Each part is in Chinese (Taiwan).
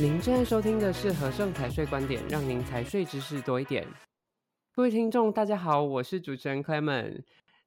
您正在收聽的是荷盛財稅觀點，讓您財稅知識多一點。各位聽眾，大家好，我是主持人 Clement。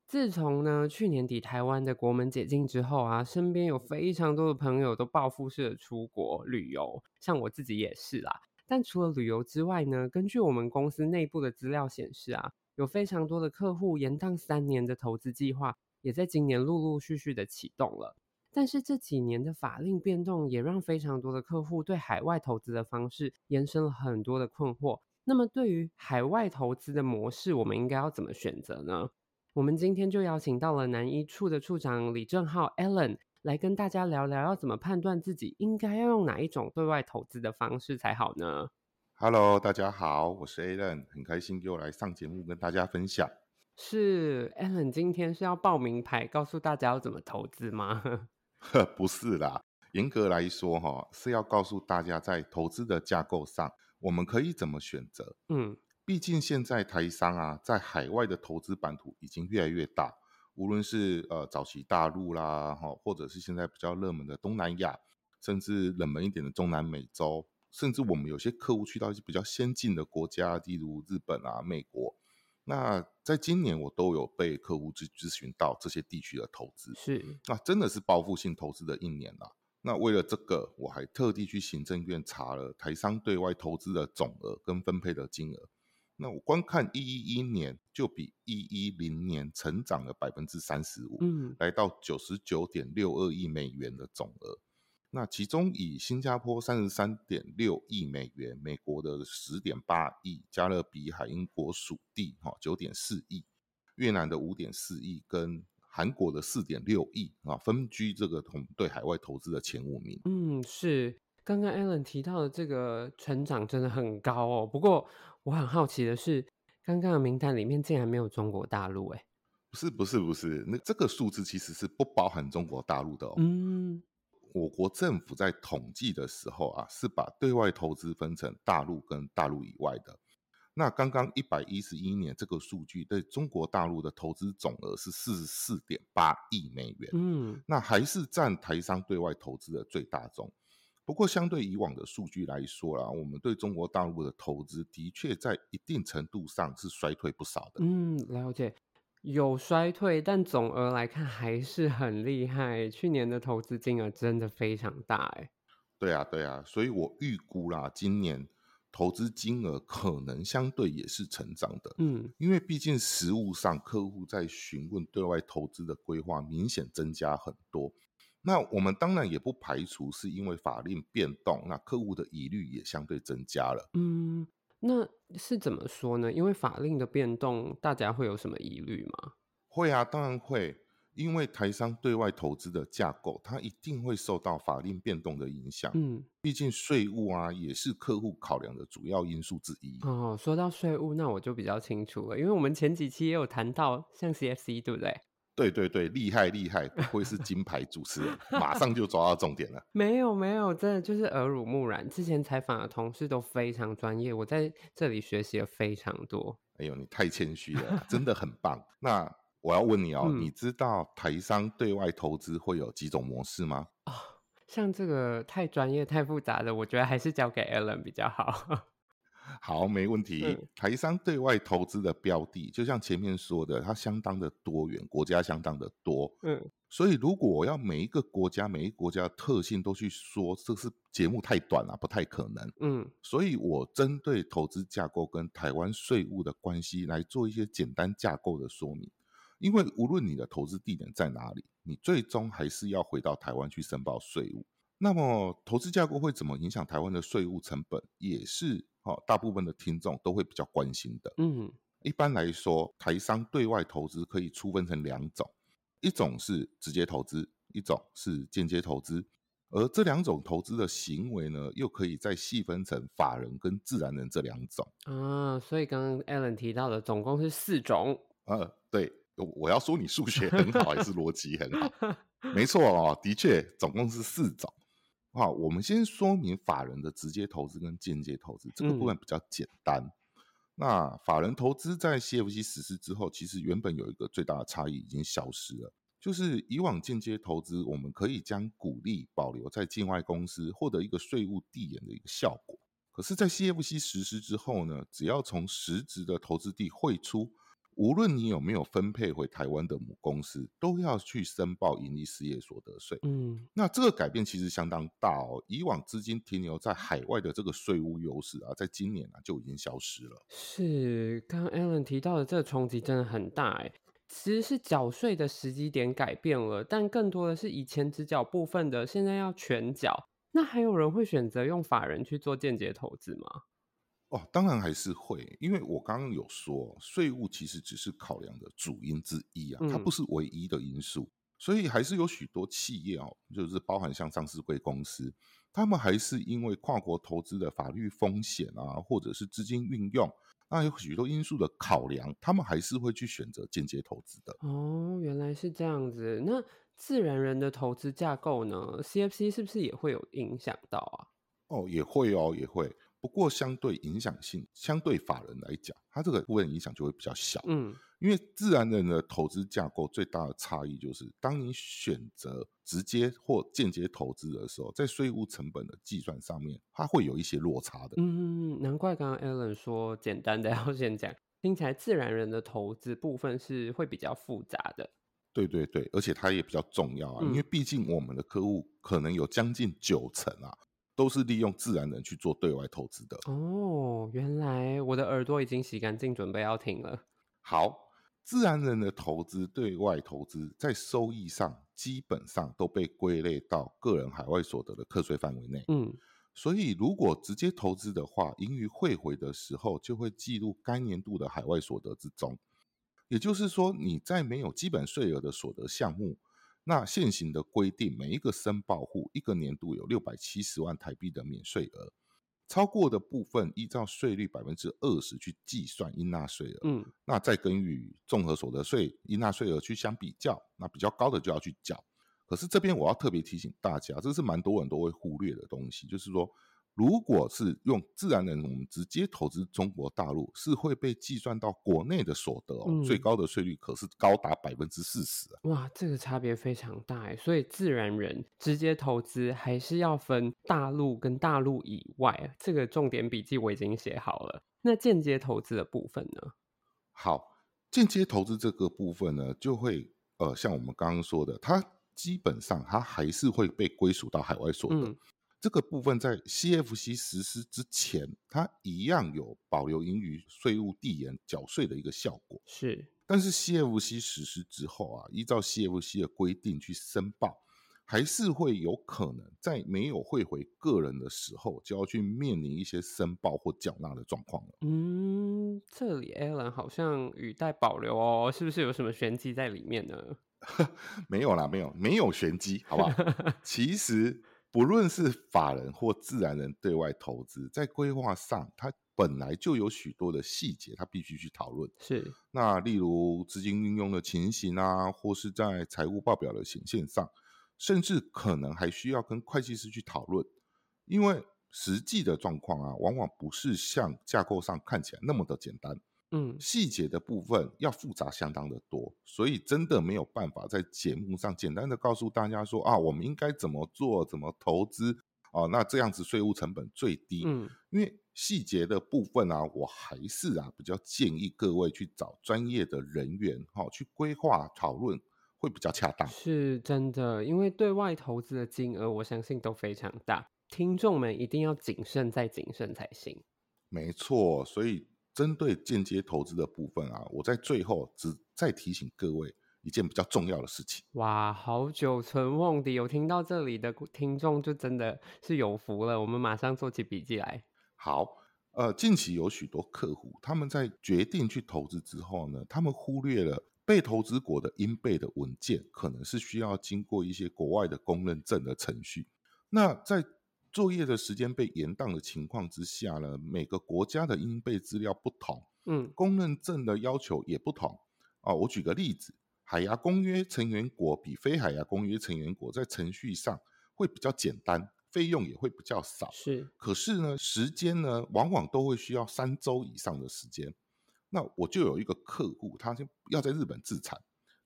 自從呢去年底台灣的國門解禁之後啊，身邊有非常多的朋友都報復式的出國旅遊，像我自己也是啦。但除了旅遊之外呢，根據我們公司內部的資料顯示啊，有非常多的客戶延宕三年的投資計劃，也在今年陸陸續續的啟動了。但是這幾年的法令變動，也讓非常多的客戶對海外投資的方式延伸了很多的困惑。那麼，對於海外投資的模式，我們應該要怎麼選擇呢？我們今天就邀請到了南一處的處長李正浩 Allen 來跟大家聊聊，要怎麼判斷自己應該要用哪一種對外投資的方式才好呢？Hello，大家好，我是 Allen，很開心給我來上節目跟大家分享。是 Allen 今天是要報名牌，告訴大家要怎麼投資嗎？ 呵， 不是啦，嚴格來說，哈是要告訴大家，在投資的架構上，我們可以怎麼選擇。嗯，畢竟現在台商啊，在海外的投資版圖已經越來越大，無論是呃早期大陸啦，哈，或者是現在比較熱門的東南亞，甚至冷門一點的中南美洲，甚至我們有些客戶去到一些比較先進的國家，例如日本啊、美國。那在今年，我都有被客戶去諮詢到這些地區的投資，是，那真的是報復性投資的一年啦。那為了這個，我還特地去行政院查了台商對外投資的總額跟分配的金額。那我光看一一一年就比一一零年成長了百分之三十五，嗯，來到九十九點六二億美元的總額。那其中以新加坡三十三點六億美元，美國的十點八億，加勒比海英國屬地哈九點四億，越南的五點四億，跟韓國的四點六億啊，分居這個同對海外投資的前五名。嗯，是，剛剛 Alan 提到的這個成長真的很高哦。不過我很好奇的是，剛剛的名單裡面竟然沒有中國大陸哎、欸，不是不是不是，那這個數字其實是不包含中國大陸的哦。嗯。我國政府在統計的時候啊，是把對外投資分成大陸跟大陸以外的。那剛剛一百一十一年這個數據，對中國大陸的投資總額是四十四點八億美元。嗯，那還是占台商對外投資的最大宗。不過，相對以往的數據來說啦、啊，我們對中國大陸的投資的確在一定程度上是衰退不少的。嗯，了解。有衰退，但總額來看還是很厲害。去年的投資金額真的非常大。欸，哎，對啊，對啊，所以我預估啦，今年投資金額可能相對也是成長的，嗯，因為畢竟實務上客戶在詢問對外投資的規劃明顯增加很多。那我們當然也不排除是因為法令變動，那客戶的疑慮也相對增加了，嗯。那是怎麼說呢？因為法令的變動，大家會有什麼疑慮嗎？會啊，當然會，因為台商對外投資的架構，它一定會受到法令變動的影響。嗯，畢竟稅務啊，也是客戶考量的主要因素之一。哦，說到稅務，那我就比較清楚了，因為我們前幾期也有談到，像 CFC，對不對？對對對，厲害厲害，不愧是金牌主持人， 馬上就抓到重點了。 沒有沒有，真的就是耳濡目染，之前採訪的同事都非常專業，我在這裡學習了非常多。哎呦，你太謙虛了， 真的很棒。那我要問你哦、 嗯，你知道台商對外投資會有幾種模式嗎？哦，像這個太專業太複雜的，我覺得還是交給 Allen 比較好。 好，沒問題。台商對外投資的標的，就像前面說的，它相當的多元，國家相當的多。嗯，所以如果我要每一個國家、每一個國家的特性都去說，這是節目太短了啊，不太可能。嗯，所以我針對投資架構跟台灣稅務的關係來做一些簡單架構的說明。因為無論你的投資地點在哪裡，你最終還是要回到台灣去申報稅務。那麼投資架構會怎麼影響台灣的稅務成本，也是、哦、大部分的聽眾都會比較關心的。嗯，一般來說，台商對外投資可以粗分成兩種，一種是直接投資，一種是間接投資。而這兩種投資的行為呢，又可以再細分成法人跟自然人這兩種。啊，所以剛剛 Allen 提到的，總共是四種。呃，對，我我要說你數學很好，還是邏輯很好？ 沒錯哦，的確，總共是四種。好，我們先說明法人的直接投資跟間接投資這個部分比較簡單。嗯，那法人投資在 CFC 實施之後，其實原本有一個最大的差異已經消失了。就是以往間接投資，我們可以將股利保留在境外公司，獲得一個稅務遞延的一個效果。可是，在 CFC 實施之後呢，只要從實質的投資地匯出。無論你有沒有分配回台灣的母公司，都要去申報營利事業所得稅。嗯，那這個改變其實相當大哦。以往資金停留在海外的這個稅務優勢啊，在今年啊，就已經消失了。是，剛剛 Alan 提到的，這個衝擊真的很大哎、欸。其實是繳稅的時機點改變了，但更多的是以前只繳部分的，現在要全繳。那還有人會選擇用法人去做間接投資嗎？哦，當然還是會，因為我剛剛有說，稅務其實只是考量的主因之一啊，嗯，它不是唯一的因素，所以還是有許多企業哦，就是包含像上市櫃公司，他們還是因為跨國投資的法律風險啊，或者是資金運用，那有許多因素的考量，他們還是會去選擇間接投資的。哦，原來是這樣子。那自然人的投資架構呢？CFC 是不是也會有影響到啊？哦，也會哦，也會。不過，相對影響性，相對法人來講，它這個部分影響就會比較小。嗯，因為自然人的投資架構最大的差異就是，當你選擇直接或間接投資的時候，在稅務成本的計算上面，它會有一些落差的。嗯，難怪剛剛 Allen 說，簡單的要先講，聽起來自然人的投資部分是會比較複雜的。對對對，而且它也比較重要啊，嗯，因為畢竟我們的客戶可能有將近九成啊。都是利用自然人去做對外投資的哦。原來我的耳朵已經洗乾淨，準備要停了。好，自然人的投資對外投資，在收益上基本上都被歸類到個人海外所得的課稅範圍內。嗯，所以如果直接投資的話，盈餘匯回的時候就會記錄該年度的海外所得之中。也就是說，你在沒有基本稅額的所得項目。那現行的規定，每一個申報戶一個年度有六百七十萬台幣的免稅額，超過的部分依照稅率百分之二十去計算應納稅額。嗯，那再跟與綜合所得稅應納稅額去相比較，那比較高的就要去繳。可是這邊我要特別提醒大家，這是蠻多人都會忽略的東西，就是說。如果是用自然人，我們直接投資中國大陸，是會被計算到國內的所得。嗯。最高的稅率可是高達百分之四十。哇，這個差別非常大。所以自然人直接投資還是要分大陸跟大陸以外。這個重點筆記我已經寫好了。那間接投資的部分呢？好，間接投資這個部分呢，就會呃，像我們剛剛說的，它基本上它還是會被歸屬到海外所得。嗯。這個部分在 CFC 實施之前，它一樣有保留盈餘、稅務遞延、繳稅的一個效果。是，但是 CFC 實施之後啊，依照 CFC 的規定去申報，還是會有可能在沒有匯回個人的時候，就要去面臨一些申報或繳納的狀況了。嗯，這裡 Alan 好像語帶保留哦，是不是有什麼玄機在裡面呢？呵，沒有啦，沒有，沒有玄機，好不好？ 其實。不論是法人或自然人對外投資，在規劃上，它本來就有許多的細節，它必須去討論。是，那例如資金運用的情形啊，或是在財務報表的顯現上，甚至可能還需要跟會計師去討論，因為實際的狀況啊，往往不是像架構上看起來那麼的簡單。嗯，細節的部分要複雜相當的多，所以真的沒有辦法在節目上簡單的告訴大家說啊，我們應該怎麼做，怎麼投資哦、啊，那這樣子稅務成本最低。嗯，因為細節的部分啊，我還是啊比較建議各位去找專業的人員哈、哦，去規劃討論會比較恰當。是真的，因為對外投資的金額我相信都非常大，聽眾們一定要謹慎再謹慎才行。沒錯，所以。針對間接投資的部分啊，我在最後只再提醒各位一件比較重要的事情。哇，好久存忘的有聽到這裡的聽眾就真的是有福了，我們馬上做起筆記來。好，呃，近期有許多客戶他們在決定去投資之後呢，他們忽略了被投資國的應備的文件可能是需要經過一些國外的公認證的程序。那在作業的時間被延宕的情況之下呢，每個國家的應備資料不同，嗯，公認證的要求也不同啊。我舉個例子，海牙公約成員國比非海牙公約成員國在程序上會比較簡單，費用也會比較少。是，可是呢，時間呢，往往都會需要三周以上的時間。那我就有一個客戶，他就要在日本自產。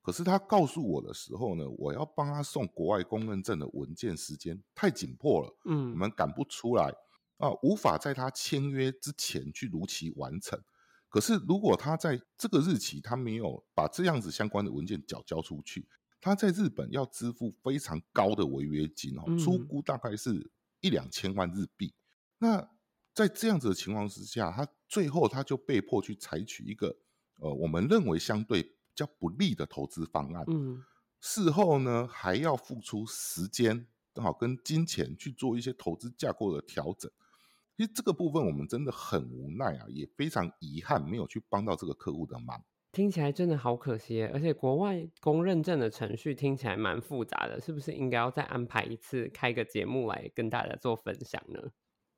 可是他告訴我的時候呢，我要幫他送國外公認證的文件，時間太緊迫了，嗯，我們趕不出來啊，無法在他簽約之前去如期完成。可是如果他在這個日期他沒有把這樣子相關的文件繳交出去，他在日本要支付非常高的違約金哦，初估大概是一兩千萬日幣，嗯。那在這樣子的情況之下，他最後他就被迫去採取一個，呃，我們認為相對較不利的投資方案，嗯，事後呢還要付出時間，正好跟金錢去做一些投資架構的調整。其實這個部分我們真的很無奈啊，也非常遺憾沒有去幫到這個客戶的忙。聽起來真的好可惜，而且國外公認證的程序聽起來蠻複雜的，是不是應該要再安排一次開個節目來跟大家做分享呢？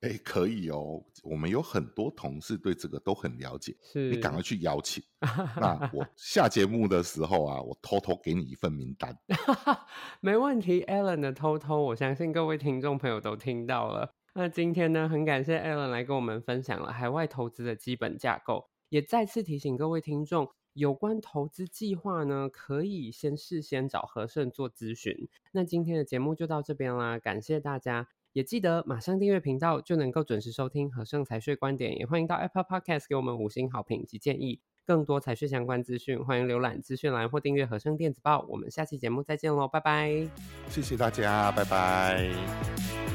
誒可以哦！我們有很多同事對這個都很了解，是你趕快去邀請。 那我下節目的時候啊，我偷偷給你一份名單。 沒問題，Allen 的偷偷，我相信各位聽眾朋友都聽到了。那今天呢，很感謝 Allen 來跟我們分享了海外投資的基本架構，也再次提醒各位聽眾，有關投資計劃呢，可以先事先找荷盛做諮詢。那今天的節目就到這邊啦，感謝大家。也記得馬上訂閱頻道，就能夠準時收聽荷盛財稅觀點。也歡迎到 Apple Podcast 給我們五星好評及建議。更多財稅相關資訊，歡迎瀏覽資訊欄或訂閱荷盛電子報。我們下期節目再見嘍，拜拜！謝謝大家，拜拜。